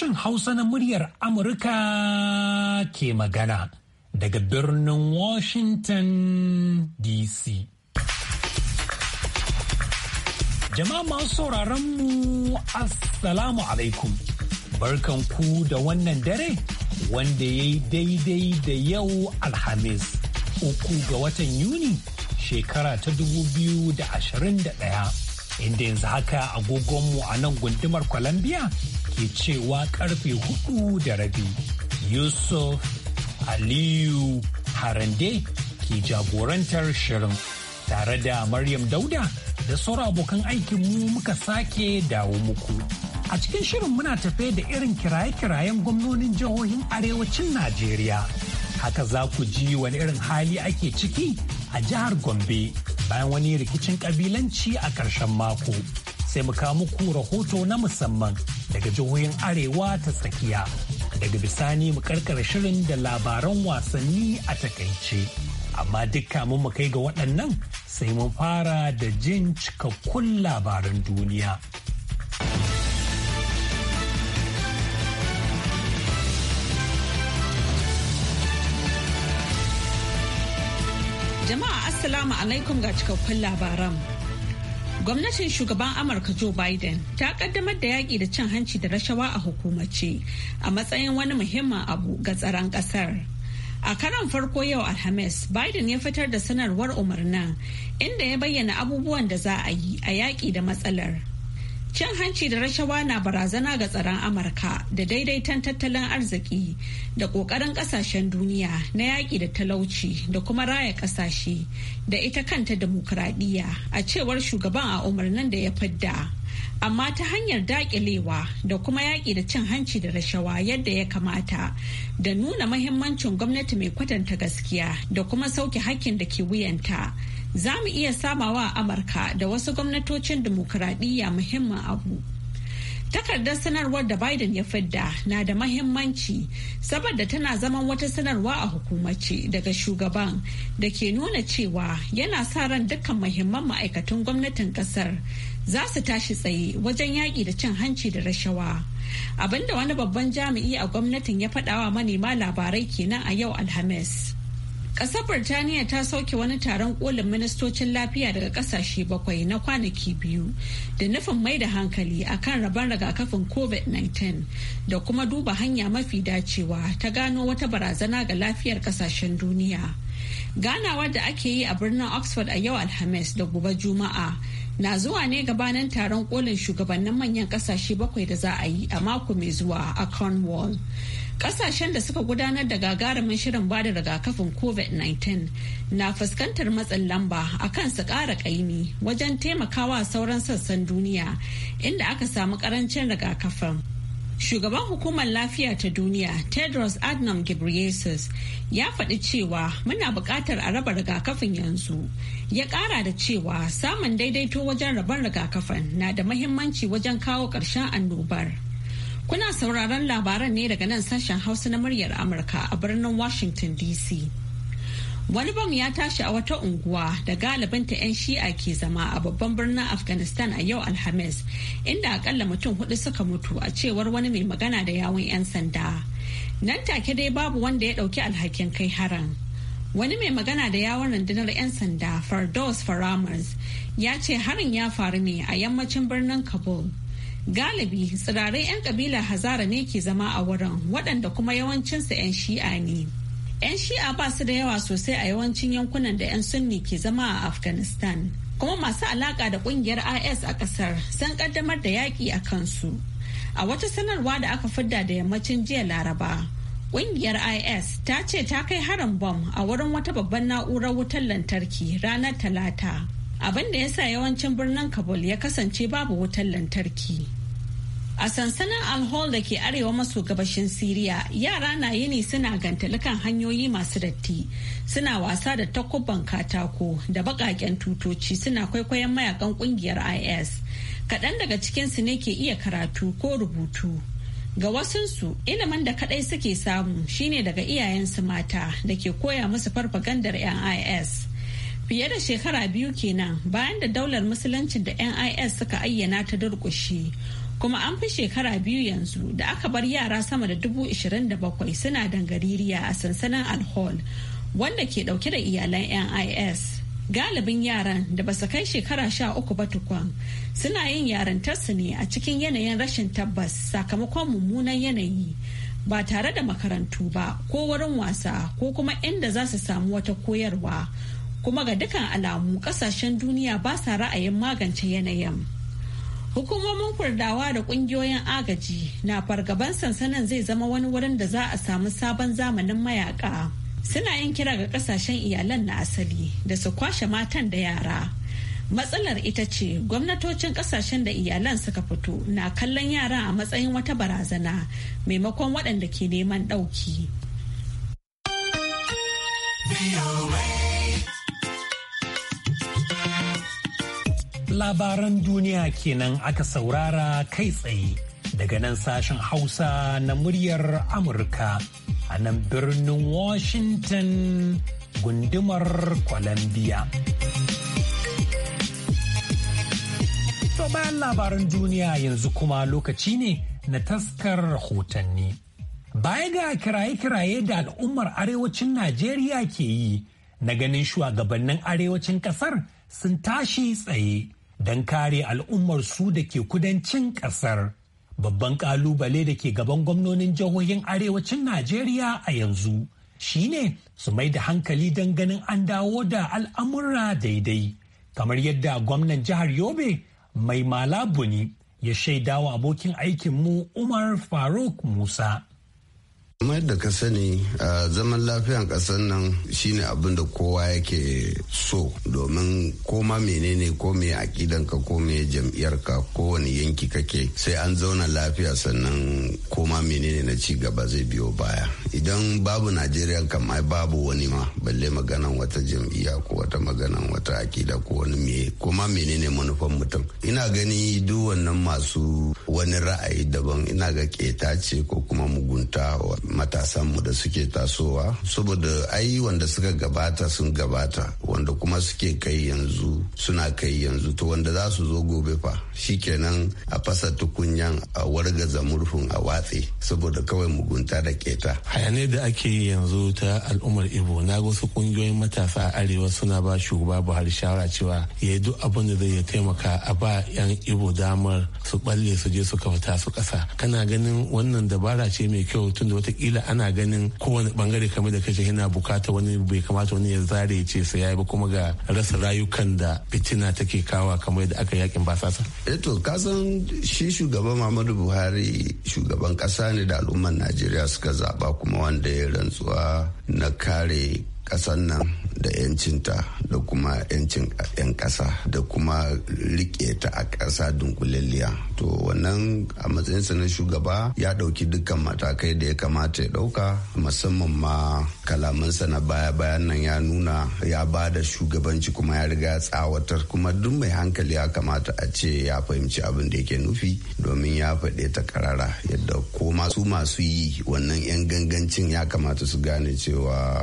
sashen Hausa na muryar Amurka ke magana daga birnin Washington DC. Jama'a masu sauraron mu Assalamu alaikum. Barkan ku da wannan dare wanda ya yi daidai da yau Alhamis, uku ga watan Yuni shekara ta 2021. Inda yanzu haka agogonmu a nan gundumar Colombia ke cewa karfe hudu da rabi. Yusuf Aliyu Harande ke jagorantar shirin tare da Maryam Dauda da sauran abokan aikin mu muka sake dawo muku. A cikin shirin muna tafe da irin kiraye-kirayen gwamnonin jihohin arewacin Najeriya. Haka za ku ji wani irin hali ake ciki a jihar Gombe bayan wani rikicin kabilanci a ƙarshen mako. sai mu kawo muku rahoto na musamman daga jihohin arewa ta tsakiya daga bisani mu karkara shirin da labaran wasanni a takaice amma dukka mun mu kai ga waɗannan sai mun fara da jin cikakkun labaran duniya jama'a assalamu alaikum ga cikakkun labaran Gwamnatin shugaban Amurka Joe Biden ta kaddamar da yaƙi da cin hanci da rashawa a hukumace a matsayin wani muhimmin abu ga tsaron ƙasar. A karan farko yau Alhamis, Biden ya fitar da sanarwar umarnin inda ya bayyana abubuwan da za a yi a yaƙi da matsalar. Cin hanci da rashawa na barazana ga tsaron Amurka da daidaiton tattalin arziki da ƙoƙarin ƙasashen duniya na yaƙi da talauci da kuma raya ƙasashe da ita kanta demokuraɗiyya a cewar shugaban a umarnin da ya fidda. Amma ta hanyar daƙilewa da kuma yaƙi da cin hanci da rashawa yadda ya kamata da nuna mahimmancin gwamnati mai kwatanta gaskiya da kuma sauke hakkin da ke wuyanta. za mu iya samawa a amurka da wasu gwamnatocin dimokuraɗiyya muhimman abu takardar sanarwar da biden ya fidda na da mahimmanci saboda tana zaman wata sanarwa a hukumace daga shugaban da ke nuna cewa yana sa ran dukkan mahimman ma'aikatan gwamnatin kasar za su tashi tsaye wajen yaƙi da cin hanci da rashawa abinda wani babban jami'i a gwamnatin ya faɗawa manema labarai kenan a yau alhamis Ƙasar Birtaniya ta sauke wani taron kolin ministocin lafiya daga ƙasashe bakwai na kwanaki biyu da nufin mai da hankali akan rabon rigakafin COVID-19 da kuma duba hanya mafi dacewa ta gano wata barazana ga lafiyar ƙasashen duniya. Ganawar da ake yi a birnin Oxford a yau Alhamis da gobe Juma'a na zuwa ne gabanin taron kolin shugabannin manyan ƙasashe bakwai da za a yi a mako mai zuwa a Cornwall. Kasashen da suka gudanar da gagarumin shirin bada rigakafin COVID-19 na fuskantar matsin lamba a kan su ƙara kaimi wajen taimakawa sauran sassan duniya inda aka samu karancin rigakafin. shugaban hukumar lafiya ta duniya tedros adnam ghebreyesus ya faɗi cewa muna buƙatar a raba rigakafin yanzu ya ƙara da cewa samun daidaito wajen rabon rigakafin na da mahimmanci wajen kawo ƙarshen annobar. Kuna sauraron labaran ne daga nan sashen Hausa na muryar Amurka a birnin Washington DC. Wani bam ya tashi a wata unguwa da galibinta 'yan shi'a ke zama a babban birnin Afghanistan a yau Alhamis, inda akalla mutum hudu suka mutu a cewar wani mai magana da yawun 'yan sanda. Nan take dai babu wanda ya ɗauki alhakin kai haran. Wani mai magana da yawon rundunar 'yan sanda Fardos Faramers ya ce harin ya faru ne a yammacin birnin Kabul. Galibi tsirarai 'yan kabilar Hazara ne ke zama a wurin waɗanda kuma yawancinsu 'yan shi'a ne. 'Yan shi'a ba su da yawa sosai a yawancin yankunan da 'yan sunni ke zama a Afghanistan. Kuma masu alaƙa da ƙungiyar IS a ƙasar sun ƙaddamar da yaƙi a kansu. A wata sanarwa da aka fidda da yammacin jiya Laraba, Ƙungiyar IS ta ce ta kai harin bom a wurin wata babban na'urar wutar lantarki ranar Talata. abin da ya sa yawancin birnin kabul ya kasance babu wutar lantarki a sansanin alhol da ke arewa maso gabashin siriya yara na yini suna gantalikan hanyoyi masu datti suna wasa da takubban katako da bakaken tutoci suna kwaikwayon mayakan kungiyar is kaɗan daga cikinsu ne ke iya karatu ko rubutu ga wasunsu ilimin da kaɗai suke samu shine daga iyayensu mata da ke koya musu farfagandar 'yan is Fiye da shekara biyu kenan bayan da daular musuluncin da NIS suka ayyana ta durkushi Kuma an fi shekara biyu yanzu da aka bar yara sama da dubu ishirin da bakwai suna dangaririya a sansanin alhol wanda ke dauke da iyalan NIS. Galibin yaran da basu kai shekara sha uku ba tukwan suna yin yarantarsu ne a cikin yanayin rashin tabbas sakamakon mummunan yanayi. ba tare da makarantu ba ko wurin wasa ko kuma inda za su samu wata koyarwa kuma ga dukan alamu kasashen duniya ba sa ra'ayin magance yanayin. Hukumomin kurdawa da kungiyoyin agaji na fargaban sansanin zai zama wani wurin da za a samu sabon zamanin mayaka. Suna yin kira ga kasashen iyalan na asali da su kwashe matan da yara. Matsalar ita ce gwamnatocin kasashen da iyalan suka fito na kallon yara a matsayin wata barazana maimakon waɗanda ke neman ɗauki. labaran duniya kenan aka saurara kai tsaye daga nan sashen Hausa na muryar Amurka a nan birnin Washington gundumar Columbia. To bayan labaran duniya yanzu kuma lokaci ne na taskar hotanni. Baya ga kiraye-kiraye da al'ummar arewacin Najeriya ke yi na ganin shugabannin arewacin kasar sun tashi tsaye don kare al'ummar su da ke kudancin ƙasar. Babban ƙalubale da ke gaban gwamnonin jihohin arewacin Najeriya a yanzu shine su mai da hankali don ganin an dawo da al'amura daidai. Kamar yadda gwamnan jihar Yobe mai malabuni ya shaidawa abokin aikinmu Umar Faruk Musa. kuma yadda ka sani zaman lafiyan ƙasar nan shine abin da kowa yake so domin koma menene ko me ka ko me jam'iyyarka ko wani yanki kake sai an zauna lafiya sannan koma menene na ci gaba zai biyo baya idan babu najeriya kam ai babu wani ma balle maganan wata jam'iyya ko wata maganan wata akida ko wani me koma menene manufan mutum ina gani duk wannan masu wani ra'ayi daban ina ga keta ce ko kuma mugunta matasanmu da suke tasowa saboda ai wanda suka gabata sun gabata wanda kuma suke kai yanzu suna kai yanzu to wanda za su zo gobe fa kenan a fasa tukunyan a wargaza murfin a watse saboda kawai mugunta da keta hayanai da ake yi yanzu ta al'ummar ibo na wasu kungiyoyin matasa a arewa suna ba shugaba buhari shawara cewa ya yi duk abin da zai taimaka a ba yan ibo damar su balle su je su kafa su kasa kana ganin wannan dabara ce mai kyau tun da wata kila ana ganin kowane bangare kamar da kashe yana bukata wani bai kamata wani ya zare ce sai yi ba kuma ga rasa rayukan da fitina take kawa kamar da aka yakin basasa eh to kasan shi shugaban Muhammadu Buhari shugaban kasa ne da al'ummar Najeriya suka zaba kuma wanda ya rantsuwa na kare ƙasan nan da 'yancinta da kuma 'yancin 'yan ƙasa da kuma riƙe ta a ƙasa dunkulelliya to wannan a matsayinsa na shugaba ya ɗauki dukkan matakai da ya kamata ya ɗauka musamman ma kalamansa na baya bayan nan ya nuna ya ba da shugabanci kuma ya riga tsawatar kuma duk mai hankali ya kamata a ce ya fahimci abin da yake nufi domin ya faɗe ta karara yadda ko masu masu yi wannan 'yan gangancin ya kamata su gane cewa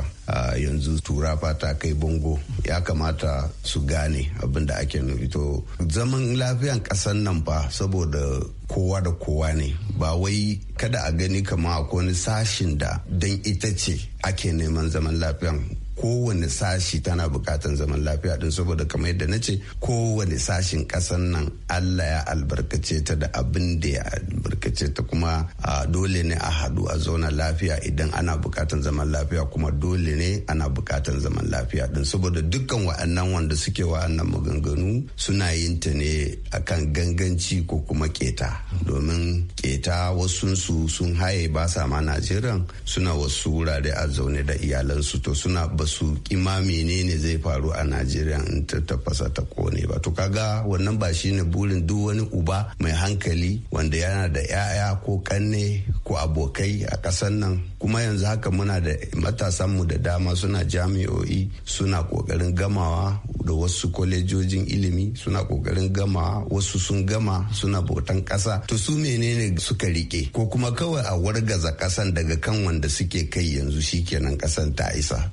yanzu tura ta kai bango ya kamata su gane abin da ake nufi to zaman lafiyan ƙasan nan ba saboda kowa da kowa ne ba wai kada a gani kama akwai wani sashin da don ita ce ake neman zaman lafiyan kowane sashi tana bukatan zaman lafiya din saboda kamar yadda na ce kowane sashin kasan nan allah ya albarkace ta da abin da ya albarkace ta kuma dole ne a haɗu a zauna lafiya idan ana bukatan zaman lafiya kuma dole ne ana bukatan zaman lafiya din saboda dukkan wa'annan wanda suke wa'annan maganganu suna yin ta ne akan ganganci ko kuma keta domin keta wasunsu sun haye ba sa ma najeriya suna wasu wurare a zaune da iyalansu to suna su kima menene zai faru a najeriya in ta tafasa ta kone ba to kaga wannan ba shi ne burin duk wani uba mai hankali wanda yana da 'ya'ya ko kanne ko abokai a ƙasar nan kuma yanzu haka muna da matasanmu da dama suna jami'o'i suna ƙoƙarin gamawa da wasu kwalejojin ilimi suna ƙoƙarin gamawa wasu sun gama suna bautan ƙasa to su menene suka rike ko kuma kawai a wargaza ƙasan daga kan wanda suke kai yanzu shikenan ƙasan ta isa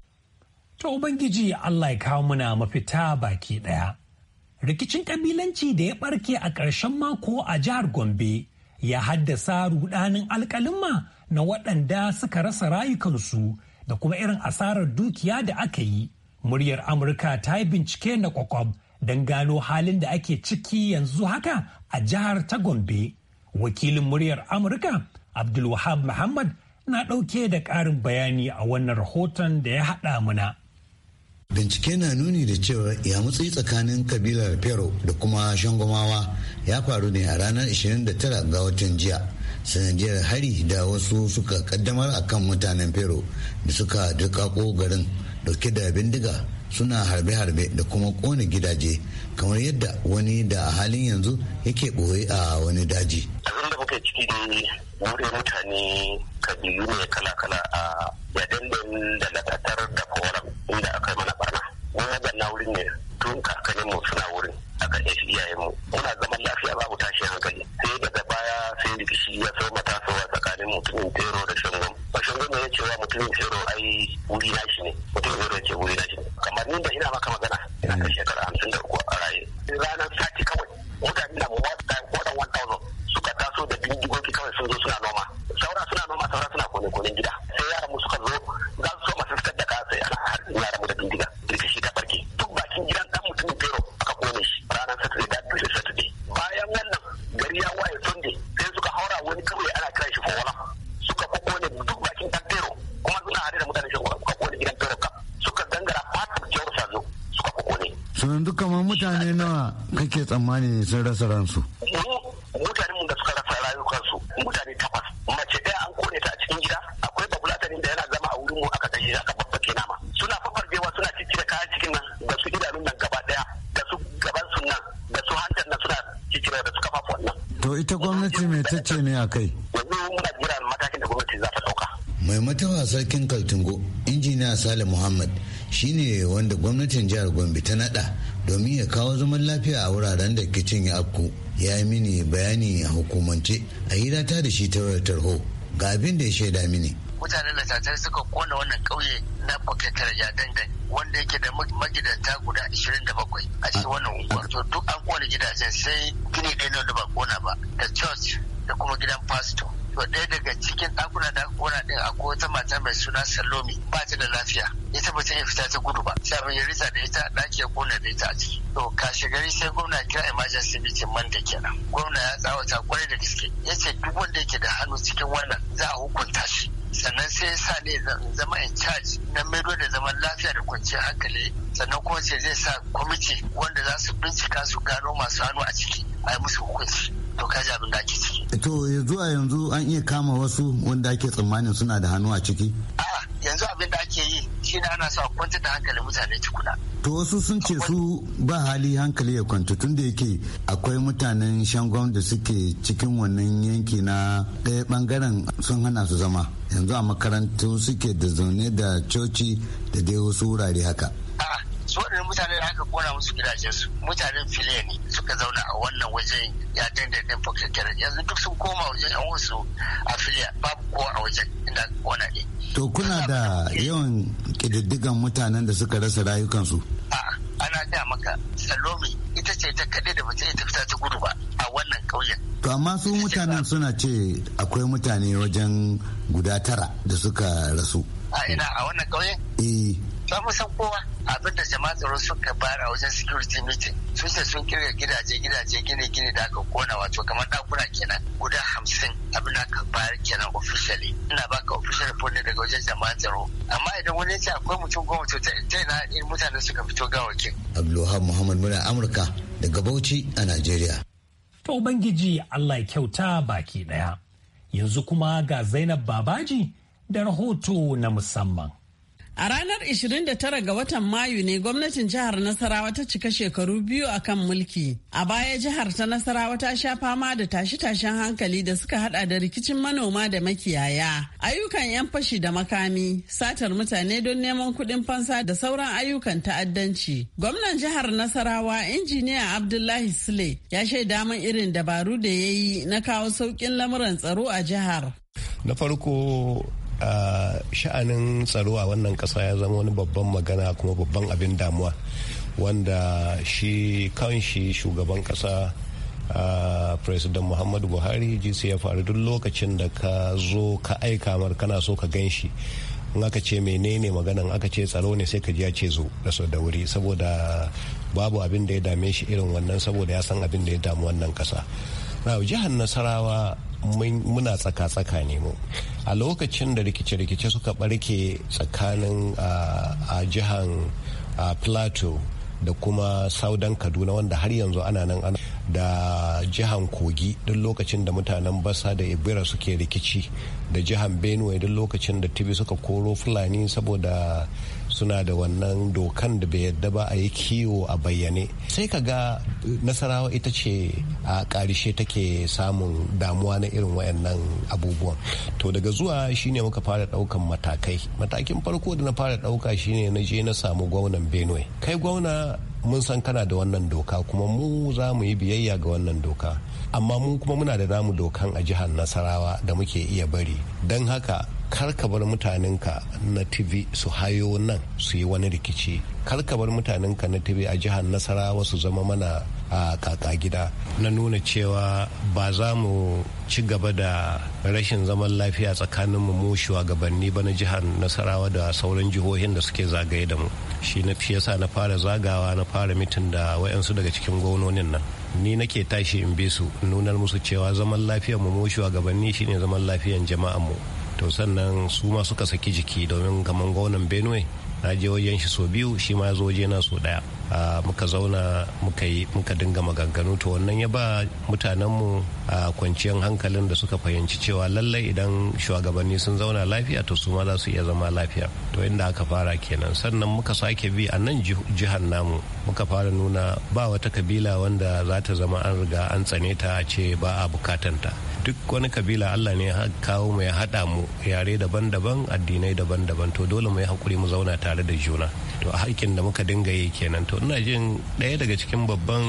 ta Ubangiji Allah ya kawo muna mafita baki ɗaya. Rikicin ƙabilanci da ya ɓarke a ƙarshen mako a jihar Gombe ya haddasa rudanin alƙalima na waɗanda suka rasa rayukansu da kuma irin asarar dukiya da aka yi. Muryar Amurka ta yi bincike na kwakwab don gano halin da ake ciki yanzu haka a jihar ta Gombe. Wakilin muryar Amurka Abdulwahab Muhammad na ɗauke da ƙarin bayani a wannan rahoton da ya haɗa muna. bincike na nuni da cewa yamutsi tsakanin kabilar fero da kuma shangomawa ya faru ne a ranar 29 ga watan jiya sanadiyar hari da wasu suka kaddamar akan mutanen fero da suka dukako garin dauke da bindiga suna harbe-harbe da kuma kone gidaje kamar yadda wani da a halin yanzu yake ɓoye a wani daji. abin da ciki ne wurin mutane kabilu ne kala-kala a yadandan da latatar da forum inda aka yi mana mu waɗannan wurin ne tun kakannin mu suna wurin a ga iyayen mu muna zaman lafiya babu tashin hankali sai daga baya sai rikici ya so matasowa tsakanin mutumin tero da shangon ba shangon ne ya cewa mutumin tero ai wuri na shi ne mutumin tero ya ce wuri na shi ne kamar ni ba ina maka magana ina kan shekara tsammani sun rasa ransu. mutane mutanen da suka rasa rayukansu mutane takwas mace ɗaya an kone ta a cikin gida akwai babulatanin da yana zama a wurin mu aka kashe aka babbake nama suna fafarjewa suna cikin kayan cikin nan da su idanun nan gaba ɗaya da su gaban sun nan da su hantar nan suna cikin da suka fafa wannan. to ita gwamnati mai tacce ne a kai. yanzu muna jira matakin da gwamnati za ta ɗauka. mai matawa sarkin kaltungo injiniya sale muhammad shine wanda gwamnatin jihar gombe ta naɗa. domin ya kawo zaman lafiya a wuraren da kicin ya afku ya yi mini bayani a hukumance a hira ta da shi ta wayar tarho ga abin da ya shaida mini mutanen da suka kona wannan kauye na bukatar ya wanda yake da magidanta guda 27 a cikin wannan unguwar to duk an kona gidajen sai gini ɗaya da ba kona ba da church da kuma gidan pastor to ɗaya daga cikin ɗakuna da kona ɗin akwai wata mata mai suna salomi ba ta da lafiya ita ba ta iya fita ta gudu ba sai abin ya rita da ita ɗaki ya kona da ita a ciki to kashe gari sai gwamna kira emergency meeting man da kenan gwamna ya tsawata kwarai da gaske ya ce duk wanda yake da hannu cikin wannan za a hukunta shi sannan sai ya sa ne zama in charge na maido da zaman lafiya da kwanciyar hankali sannan kuma ce zai sa kwamiti wanda za su bincika su gano masu hannu a ciki a yi musu hukunci to kaji abin da ake to zuwa yanzu an iya kama wasu wanda ake tsammanin suna da hannu a ciki yanzu abin da ake yi shi ne ana sa kwanta da hankali mutane tukuna to wasu sun ce su ba hali hankali ya kwanta tun da yake akwai mutanen shangon da suke cikin wannan yanki na ɗaya bangaren sun hana su zama yanzu a makarantu suke da zaune da coci da dai wasu wurare haka su mutane da aka kona musu gidajensu mutanen filin. suka zauna a wannan wajen ya dandanin fakakkirar yanzu duk sun koma wajen yan wasu afiliya babu kowa a wajen inda wana ne. to kuna da yawan ƙididdigan mutanen da suka rasa rayukansu. a'a ana gaya maka salomi ita ce ta kaɗai da bata ta fita ta gudu ba a wannan ƙauyen. To amma su mutanen suna ce akwai mutane wajen guda tara da suka rasu. A ina a wannan ƙauyen? Eh. ba mu san kowa abinda jama'a tsaro suka bayar a wajen security meeting sun ce sun kirga gidaje gidaje gine gine da aka kona wato kamar dakuna kenan guda hamsin abin aka bayar kenan officially ina baka official report daga wajen jama'a tsaro amma idan wani ce akwai mutum goma to ta ina in mutane suka fito gawakin. Abdulwahab Muhammad muna Amurka daga Bauchi a Najeriya. Ta Ubangiji Allah ya kyauta baki ɗaya. Yanzu kuma ga Zainab Babaji da rahoto na musamman. A ranar 29 ga watan Mayu ne gwamnatin jihar Nasarawa ta cika shekaru biyu a kan mulki. A baya jihar ta Nasarawa ta sha fama da tashe-tashen hankali da suka hada da rikicin manoma da makiyaya, ayyukan 'yan fashi da makami, satar mutane don neman kuɗin fansa da sauran ayyukan ta'addanci. Gwamnan jihar Nasarawa, injiniya Abdullahi Sule, ya shaida min irin dabaru da ya yi na kawo sauƙin lamuran tsaro a jihar. Na farko A sha'anin tsaro a wannan kasa ya zama wani babban magana kuma babban abin damuwa wanda shi kanshi shugaban kasa president muhammadu buhari jisu ya faru duk lokacin da ka zo ka aika mar kana so ka gan shi in aka ce menene maganan aka ce tsaro ne sai ka ji ya ce zo da so da wuri saboda babu abin da ya dame shi irin wannan saboda ya san abin da ya damu wannan kasa na jihar nasarawa muna tsaka-tsaka ne mu a lokacin da rikice-rikice suka barke tsakanin a jihan plateau da kuma saudan kaduna wanda har yanzu ana nan ana da jihan kogi duk lokacin da mutanen basa da ibira suke rikici da jihan benue duk lokacin da tibi suka koro fulani saboda suna da wannan dokan da bai yadda ba a yi kiwo a bayyane sai ka ga nasarawa ita ce a karishe take samun damuwa na irin wayannan abubuwan to daga zuwa shine muka fara ɗaukan matakai matakin farko da na fara ɗauka shine na je na samu gwamnan benue kai gwamna mun san kana da wannan doka kuma mu za mu yi biyayya ga wannan doka amma mu kuma muna da namu dokan a jihar nasarawa da muke iya bari don haka kar ka bar mutanenka na tv su hayo nan su yi wani rikici kar ka bar mutanenka na tv a jihar nasarawa su zama mana a kaka gida na nuna cewa ba za mu ci gaba da rashin zaman lafiya tsakanin mu shugabanni ba na jihar nasarawa da sauran jihohin da suke zagaye da mu shi na fi yasa na fara zagawa na fara mitin da wayansu daga cikin gwamnonin nan ni nake tashi in bi su nunar musu cewa zaman lafiyar mu shugabanni shine zaman lafiyan jama'an mu to sannan su ma suka saki jiki domin kamar gwamnan benue na je wajen shi sau biyu shi ma ya zo waje na so daya muka zauna muka dinga maganganu to wannan ya ba mutanenmu a kwanciyar hankalin da suka fahimci cewa lallai idan shugabanni sun zauna lafiya to su ma za su iya zama lafiya to inda aka fara kenan sannan muka sake bi a nan jihar namu muka fara nuna ba wata kabila wanda za ta zama an riga an tsane ta a ce ba a bukatanta duk wani kabila allah ne ya kawo mu ya haɗa mu yare daban-daban addinai daban-daban to dole mu yi hakuri mu zauna tare da juna to harkin da muka dinga yi kenan to ina jin ɗaya daga cikin babban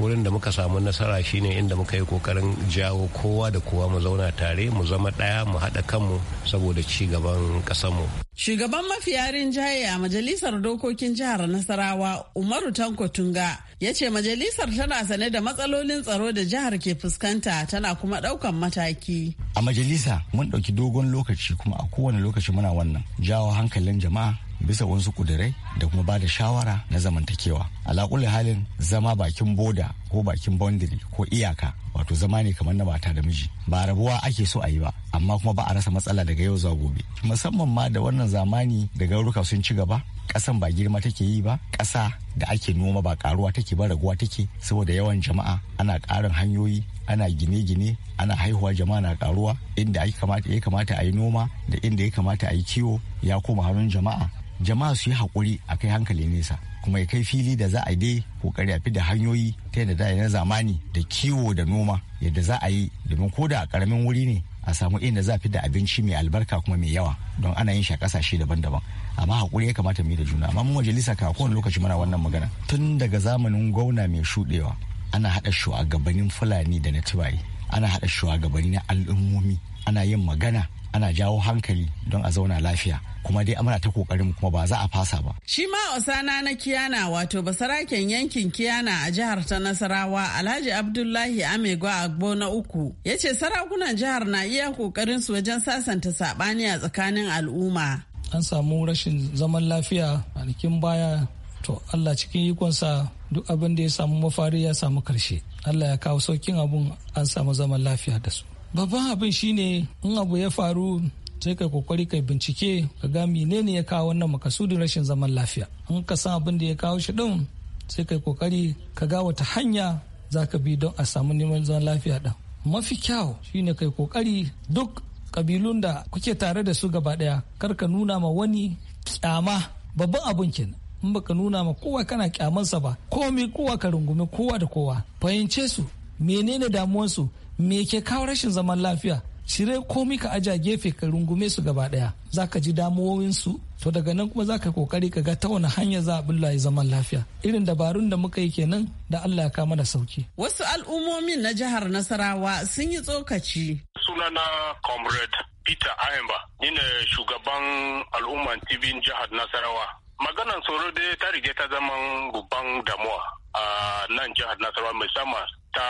wurin da muka samu nasara shine inda muka yi kokarin jawo kowa da kowa mu zauna tare mu zama ɗaya mu haɗa kanmu saboda ci gaban ƙasarmu. shugaban mafiya rinjaye a majalisar dokokin jihar nasarawa umaru tanko tunga ya ce majalisar tana sane da matsalolin tsaro da jihar ke fuskanta tana kuma ɗaukan mataki a majalisa mun ɗauki dogon lokaci kuma a kowane lokaci muna wannan jawo hankalin jama'a bisa wasu kudirai da kuma ba da shawara na zamantakewa alaƙulli halin zama bakin boda ko bakin boundary ko iyaka wato zama ne kamar na mata da miji ba rabuwa ake so a yi ba amma kuma ba a rasa matsala daga yau zuwa gobe musamman ma da wannan zamani da garuruka sun ci gaba ƙasan ba girma take yi ba ƙasa da ake noma ba karuwa take ba raguwa take saboda yawan jama'a ana ƙarin hanyoyi ana gine-gine ana haihuwa jama'a na karuwa inda ya kamata a yi noma da inda ya kamata a yi kiwo ya koma hannun jama'a jama'a su yi haƙuri a kai hankali nesa kuma ya kai fili da za a dai kokari a da hanyoyi ta yadda da na zamani da kiwo da noma yadda za a yi domin ko da karamin wuri ne a samu inda za fi da abinci mai albarka kuma mai yawa don ana yin shi a kasashe daban-daban amma hakuri ya kamata mu yi da juna amma mu majalisa ka kowane lokaci muna wannan magana tun daga zamanin gwamna mai shuɗewa ana haɗa shugabannin fulani da na tubaye ana haɗa shugabanni na al'ummomi ana yin magana ana jawo hankali don a zauna lafiya kuma dai amana ta kokarin kuma ba za a fasa ba. Shi ma Osana na Kiyana wato basaraken yankin Kiyana a jihar ta Nasarawa Alhaji Abdullahi Amego Agbo na uku ya ce sarakunan jihar na iya kokarin su wajen sasanta sabani a tsakanin al'umma. An samu rashin zaman lafiya a cikin baya to Allah cikin ikonsa duk abin da ya samu mafari ya samu karshe. Allah ya kawo saukin abun an samu zaman lafiya da su. babban abin shine in abu ya faru sai kai kokari kai bincike ka ga menene ya kawo wannan makasudin rashin zaman lafiya in ka san abin da ya kawo shi din sai kai kokari ka ga wata hanya za ka bi don a samu neman zaman lafiya din mafi kyau shine kai kokari duk kabilun da kuke tare da su gaba ɗaya kar ka nuna ma wani kyama babban abin kenan in baka nuna ma kowa kana kyamansa ba komai kowa ka rungumi kowa da kowa fahimce su menene damuwansu me ke kawo rashin zaman lafiya cire komi ka aja gefe ka rungume su gaba daya zaka ji damuwowinsu to daga nan kuma zaka kokari ka ga ta wani hanya za a zaman lafiya irin dabarun da muka yi kenan da Allah ya kama da sauki wasu al'ummomin na jihar Nasarawa sun yi tsokaci sunana comrade Peter Ahemba ni ne shugaban al'umman tibin jihar Nasarawa maganan tsoro dai ta rige ta zaman babban damuwa a nan jihar Nasarawa musamman ta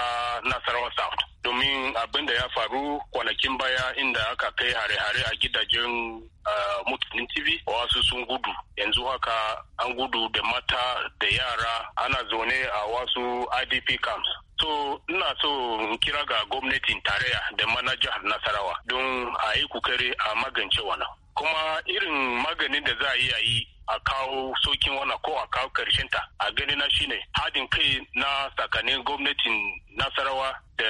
Nasarawa South domin abin da ya faru kwanakin baya inda aka kai hare-hare a gidajen ah, mutanen TV wasu sun gudu yanzu haka an gudu da mata da yara ana zaune a wasu IDP camps so ina so in kira ga gwamnatin tarayya da manajar nasarawa don a yi kokari a magance wana. kuma irin maganin da za a yi a yi a kawo sokin wannan ko a kawo karshen ta a ganina shine hadin kai na tsakanin gwamnatin nasarawa da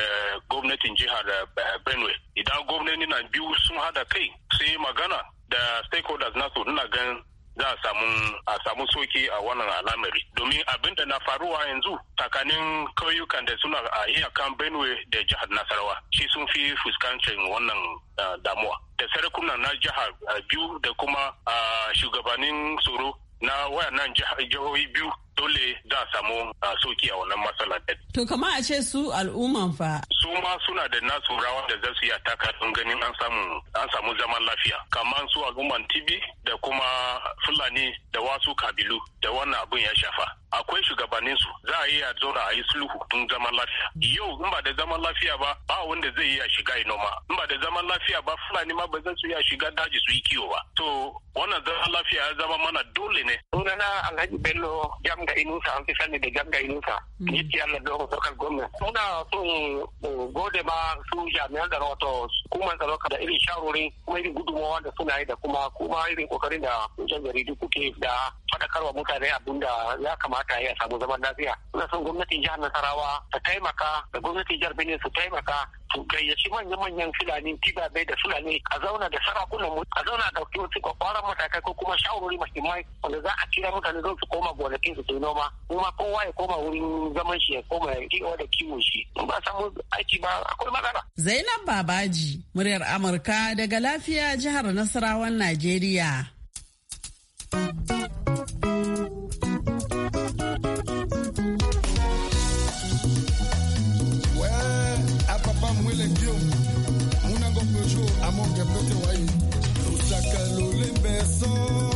gwamnatin jihar eh, benue idan gwamnati na biyu sun hada kai sai magana da stakeholders nasu ina gan za a samu a soki a wannan al'amari domin abin da na faruwa yanzu tsakanin kauyukan da suna a iyakan benue da jihar nasarawa shi sun fi fuskancin wannan eh, damuwa da sarakunan na jihar eh, biyu da kuma shugabannin tsoro na wayannan jihohi biyu dole za a samu ah, soki a wannan matsala. To kama a ce su al'umman fa. Su ma suna da nasu rawa da za su iya taka don ganin an samu an samu zaman lafiya. kama su al'umman tibi da kuma Fulani da wasu kabilu da wannan abun ya shafa. akwai shugabannin su za a a zauna a yi sulhu don zaman lafiya yau in ba da zaman lafiya ba ba wanda zai iya shiga noma in ba da zaman lafiya ba fulani ma ba zai su iya shiga daji su yi kiwo ba to wannan zaman lafiya ya zama mana dole ne sunana alhaji bello jamu. ganga inusa an fi sani da ganga inusa yake Allah da wata sokar gwamna muna son gode ma su jami'an da wato kuma tsaro da irin shawarwari kuma irin gudunmawa da suna yi da kuma kuma irin kokarin da jan jaridu kuke da faɗakarwa mutane abin da ya kamata ya samu zaman lafiya muna son gwamnatin jihar Nasarawa ta taimaka da gwamnatin jihar Benin su taimaka gayyaci manya-manyan fulani tibabe da fulani a zauna da sarakunan mu a zauna da wasu kwakwaran matakai ko kuma shawarwari muhimmai wanda za a kira mutane don su koma gonakin su su noma kuma kowa ya koma wurin zaman shi ya koma ya kiwo da kiwo shi in ba samu aiki ba akwai matsala. Zainab Babaji muryar Amurka daga lafiya jihar Nasarawan Najeriya. soul.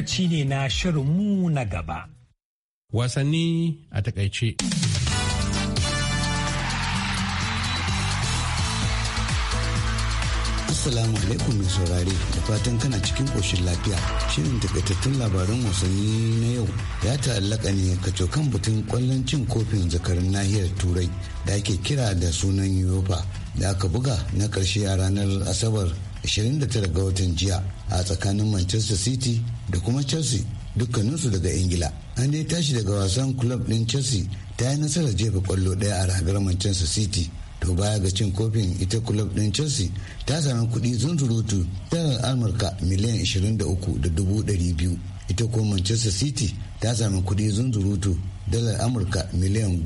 lokaci ne na shirinmu na gaba. Wasanni a takaice. Assalamu alaikum mai saurare da fatan kana cikin koshin lafiya. Shirin takaitattun labarin wasanni na yau ya ta'allaka ne kaco kan batun kwallon cin kofin zakarin nahiyar Turai da ake kira da sunan Europa da aka buga na karshe a ranar Asabar 29 ga watan jiya a tsakanin manchester city da kuma chelsea dukkaninsu daga ingila an dai tashi daga wasan club din chelsea ta yi nasarar jefa kwallo daya a ragar manchester city to baya ga cin kofin ita club din chelsea ta sami kuɗi zunzurutu tarar amurka miliyan biyu ita ko manchester city ta sami kuɗi zunzurutu dalar amurka miliyan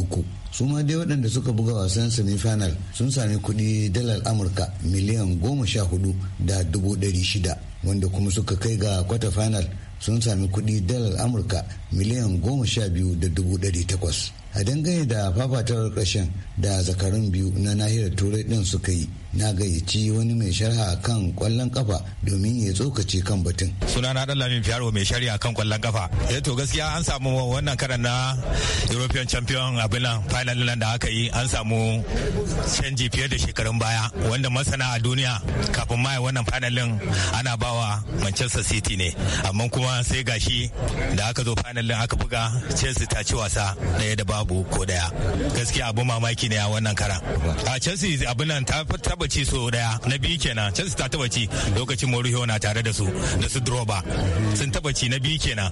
uku. su ma dai waɗanda suka buga wasan semifinal sun sami kuɗi dalar amurka miliyan goma sha hudu da dubu ɗari shida wanda kuma suka kai ga kwata final sun sami kuɗi dalar amurka miliyan goma sha biyu da dubu ɗari takwas a dangane da fafatawar ƙarshen da zakarun biyu na nahiyar turai din suka yi na gayyaci wani mai shari'a kan kwallon kafa domin ya tsokace kan batun. suna na min fiyaro mai shari'a kan kwallon kafa ya eh to gaskiya an samu wannan karan na european champion abin nan final nan da aka yi an samu canji fiye da shekarun baya wanda masana a duniya kafin ma wannan final din ana bawa manchester city ne amma kuma sai gashi da aka zo final din aka buga chelsea ta ci wasa ɗaya da ba babu ko daya gaskiya abu mamaki ne a wannan karan a chelsea abin nan ta taba ci so daya na biyu kenan chelsea ta taba ci lokacin mourinho na tare da su da su droba sun taba ci na biyu kenan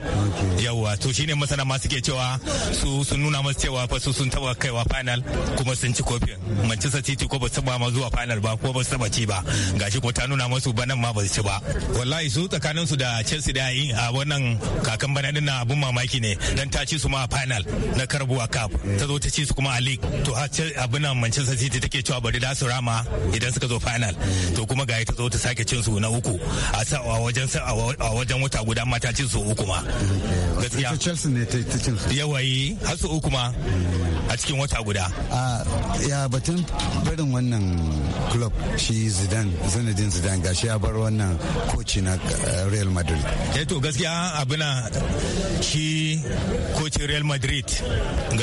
yawa to shine masana ma suke cewa su sun nuna masu cewa fa su sun taba kaiwa final kuma sun ci kofin manchester city ko ba su taba ma zuwa final ba ko ba su taba ci ba gashi ko ta nuna masu ba nan ma ba su ci ba wallahi su tsakanin su da chelsea da yi a wannan kakan bana na abun mamaki ne dan ta ci su ma final na karbuwa cup ta zo ta ci su kuma a league to har abin nan Manchester City take cewa bari da su rama idan suka zo final to kuma ga ta zo ta sake cin su na uku a wajen a wajen wata guda ma ta ci su uku ma gaskiya Chelsea ne ta ci su yawayi har su uku ma a cikin wata guda a ya batun barin wannan club shi Zidane Zinedine Zidane gashi ya bar wannan koci na eh, Real Madrid eh to gaskiya abin shi coach Real Madrid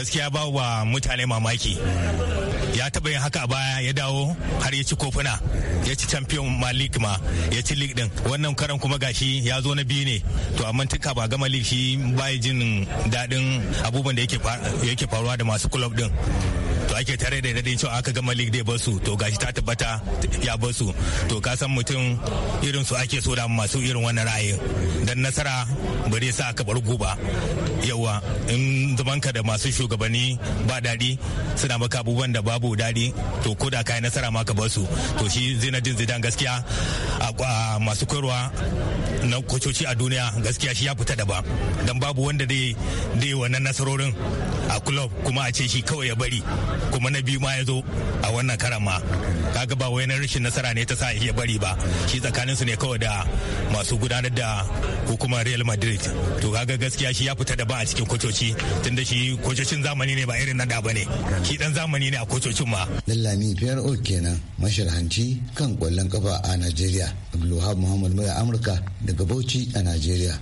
gaskiya ba wa mutane mamaki ya taba yin haka a baya ya dawo har ya ci kofuna ya ci champion ma ma ya ci league din wannan karan kuma gashi ya zo na biyu ne to amma tun ba ga malik shi bai jin daɗin abubuwan da yake faruwa da masu club din to ake tare da dadin cewa aka gama league dai su to gashi ta tabbata ya su to ka san mutum irin su ake so da masu irin wannan ra'ayi dan nasara bare sa aka bar guba yawa in zaman ka da masu shugaba shugabanni ba daɗi suna maka abubuwan da babu daɗi to ko da kayan nasara ma ka ba su to shi zinajin zidan gaskiya a masu koyarwa na kwacoci a duniya gaskiya shi ya fita da ba don babu wanda dai dai wannan nasarorin a club kuma a ce shi kawai ya bari kuma na biyu ma ya zo a wannan karan ma kaga ba wai na rashin nasara ne ta sa ya bari ba shi tsakaninsu ne kawai da masu gudanar da hukumar real madrid to kaga gaskiya shi ya fita da ba a cikin kococi tunda shi kwacocin zamani ne ba irin na da ne ki dan zamani ne a kococin ma lallami o kenan mashirhanci kan kwallon kafa a Najeriya Abdulwahab Muhammad mai Amurka daga Bauchi a Najeriya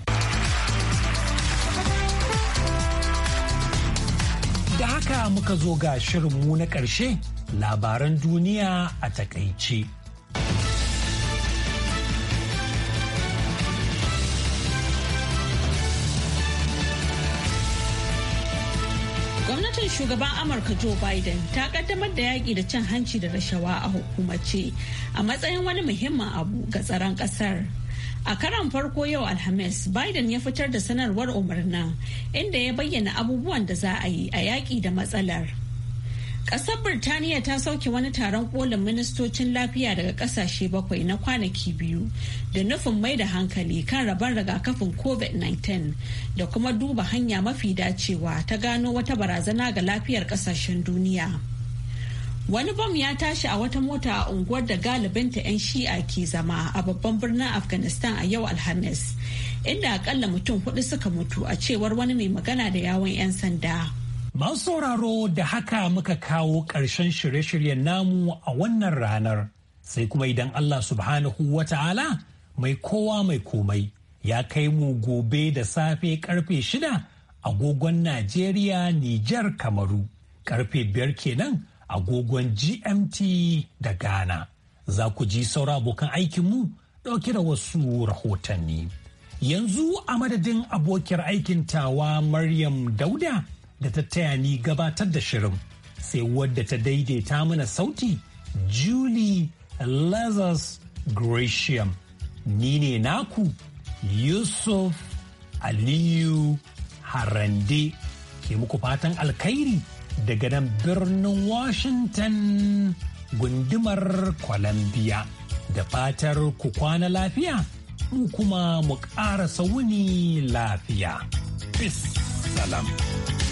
Da haka muka zo ga shirin mu na ƙarshe labaran duniya a takaice. shugaban amurka joe biden ta kaddamar da yaƙi da cin hanci da rashawa a hukumace a matsayin wani muhimmin abu ga tsaron ƙasar a karan farko yau alhamis biden ya fitar da sanarwar umarna inda ya bayyana abubuwan da za a yi a yaƙi da matsalar Ƙasar Birtaniya ta sauke wani taron ƙolin ministocin lafiya daga ƙasashe bakwai na kwanaki biyu da nufin mai da hankali kan rabar rigakafin COVID-19 da kuma duba hanya mafi dacewa ta gano wata barazana ga lafiyar ƙasashen duniya. Wani bom ya tashi a wata mota a unguwar da galibinta 'yan shi'a ke zama a babban birnin Afghanistan a yau Alhamis, inda akalla mutum hudu suka mutu a cewar wani mai magana da yawon 'yan sanda. Masu sauraro da haka muka kawo ƙarshen shirye-shiryen namu a wannan ranar, sai kuma idan Allah subhanahu wa ta'ala mai kowa mai komai ya kai mu gobe da safe karfe shida agogon Najeriya, Nijar, Kamaru, karfe biyar kenan agogon GMT da Ghana. Za ku ji saura abokan aikinmu ɗauke da wasu rahotanni. Yanzu a madadin abokiyar aikin tawa Maryam Dauda da ta taya ni gabatar da shirin sai wadda ta daidaita mana sauti Julie Lazarus Gratiam. Ni ne naku Yusuf Aliyu Harande ke muku fatan alkhairi daga nan birnin Washington gundumar Columbia. Da fatar ku kwana lafiya, mu kuma mu ƙara sauni lafiya. Peace, salam.